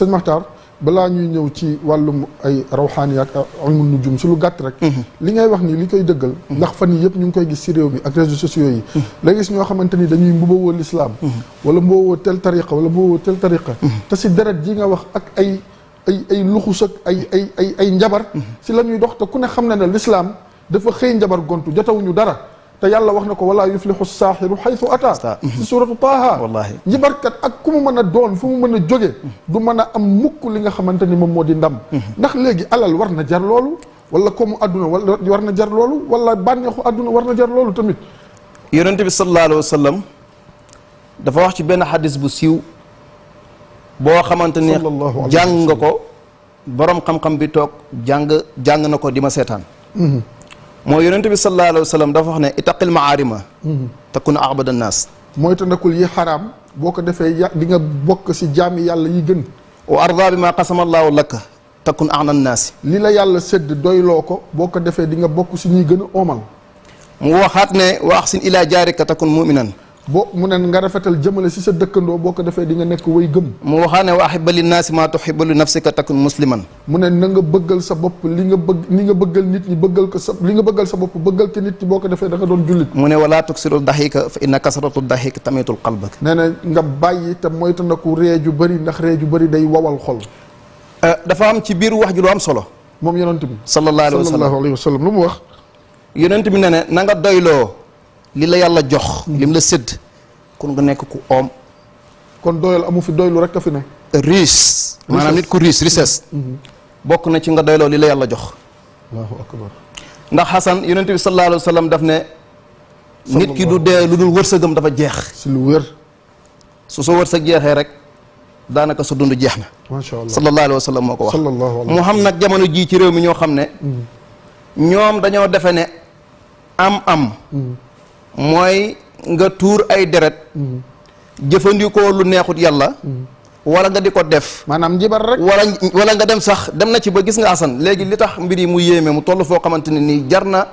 sëñ Maxtaar balaa ñuy ñëw ci wàllum ay rawxaani ak ilmu nujum si lu gàtt rek mhm. li ngay wax nii li koy dëggal mhm. ndax fan yëpp ñu ngi koy gis si réew mi ak réseaux sociaux yi la mhm. ñoo xamante ni dañuy mbubawoo lislaam wala mbubawoo tel tariqa wala mbubawoo tel tariqa te si deret ji nga wax ak ay ay ay luxus ak ay ay ay ay njabar si la ñuy dox te ku ne xam na ne lislaam dafa xëy njabar gontu jotawuñu dara te yàlla wax na ko walaa yuflihu saaxiru xaytu ata si suratu taaha wallaahi njibarkat ak ku mu mën a doon fu mu mën a jóge du mën a am mukk li nga xamante ni moom moo di ndam ndax léegi alal war na jar loolu wala koomu adduna wala war na jar loolu wala bànneexu àdduna war na jar loolu tamit yonente bi sallallahu alayhi wa dafa wax ci benn xadis bu siiw boo xamante ni jàng nga ko boroom xam-xam bi toog jàng jàng na ko di ma seetaan mhm. moo yonent bi sallallahu alayhi wa sallam ne wax ne itaqil maarima mhm. takun abada naas mooy tandakul yi xaraam boo ko defee ya di nga bokk si jaami yàlla yi gën wa arda bi ma qasamallaahu laka takun ahna naasi li la yàlla sédd doyloo ko boo ko defee di nga bokk si ñuy gën a omal mu waxaat ne wa ahsin ilaa jaarika takun muminan boo mu neen nga rafetal jëmale si sa dëkkandoo boo ko defee di nga nekk way gëm mu waxaa ne wa ahibba li naasi maa tuhibbu li nafsika takun musliman mu ne na nga bëggal sa bopp li nga bëgg li nga bëggal nit ñi bëggal ko sa li nga bëggal sa bopp bëggal ko nit boo ko defee da nga doon jullit mu ne walaa tuksirul daxiika fa inna kasratul daxiika tamitul qalbak nee na nga bàyyi te moytu ndaku ree ju bëri ndax ree ju bari day wawal xol euh, dafa am ci biir wax ju lu am solo moom yonent bi sallallahu alayhi sa sallam lu mu wax yonent bi ne ne na nga doyloo li la yàlla jox. Mm. lim la sedd kon nga nekk ku oom. kon doyal amu fi doylu rek a fi ne. riche. maanaam nit ku riche richesse. Mm-hmm. Mm-hmm. bokk na ci nga doyloo li la yàlla jox. allahu akbar ndax Xasan yonent bi sallallahu alayhi ne. nit ki du dee lu dul wërsëgam dafa jeex. lu wër. su soo sa jeexee rek daanaka sa dund jeex na. macha allah sallallahu alayhi wa sallam moo ko wax. moo xam nag jamono jii ci réew mi ñoo xam ne. Mm-hmm. ñoom dañoo defe ne am am. mooy nga tuur ay deret jëfandikoo lu neexut yàlla walla nga di ko def maanaam njibar rek wala wala nga dem sax dem na ci ba gis nga asan léegi li tax mbir yi mu yéeme mu toll foo xamante ne nii jar na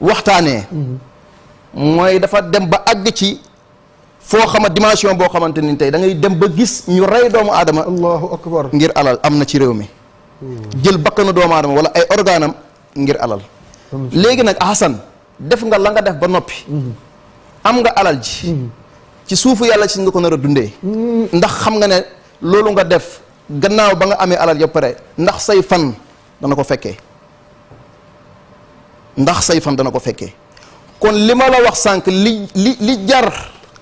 waxtaanee mooy dafa dem ba àgg ci foo xama dimension boo xamante ni tey da ngay dem ba gis ñu rey doomu adama allahu ngir alal am na ci réew mi hmm. jël bakk na doomu aadama wala ay organam ngir alal léegi nag asan def nga la nga def ba noppi am nga alal ji ci suufu yàlla si nga ko nar a dundee ndax xam nga ne loolu nga def gannaaw ba nga amee alal ya pare ndax say fan dana ko fekkee ndax say fan dana ko fekkee kon li ma la wax sànq li li li jar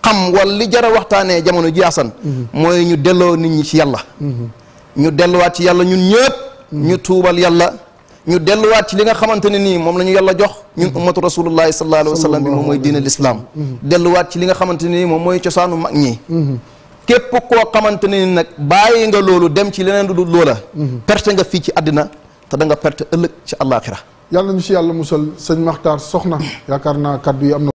xam wala li jar a waxtaanee jamono ji asan mooy ñu delloo nit ñi ci yàlla mm-hmm. ñu delluwaat ci yàlla ñun ñëpp mm-hmm. ñu tuubal yàlla ñu delluwaat ci li nga xamante ne nii moom la ñu yàlla jox ñun mm-hmm. ummatu rasulullahi sallallahu alayhi wa sallam bi moom mooy diin al islam mm-hmm. delluwaat ci li nga xamante ne nii moom mooy cosaanu mag ñi mm-hmm. képp koo xamante ne nag bàyyi nga loolu dem ci leneen du dul loola perte nga fii ci àddina te da nga perte ëllëg ci àllaaxira yàlla na ñu si yàlla musal sëñ Maxtaar soxna yaakaar naa kàddu yi am na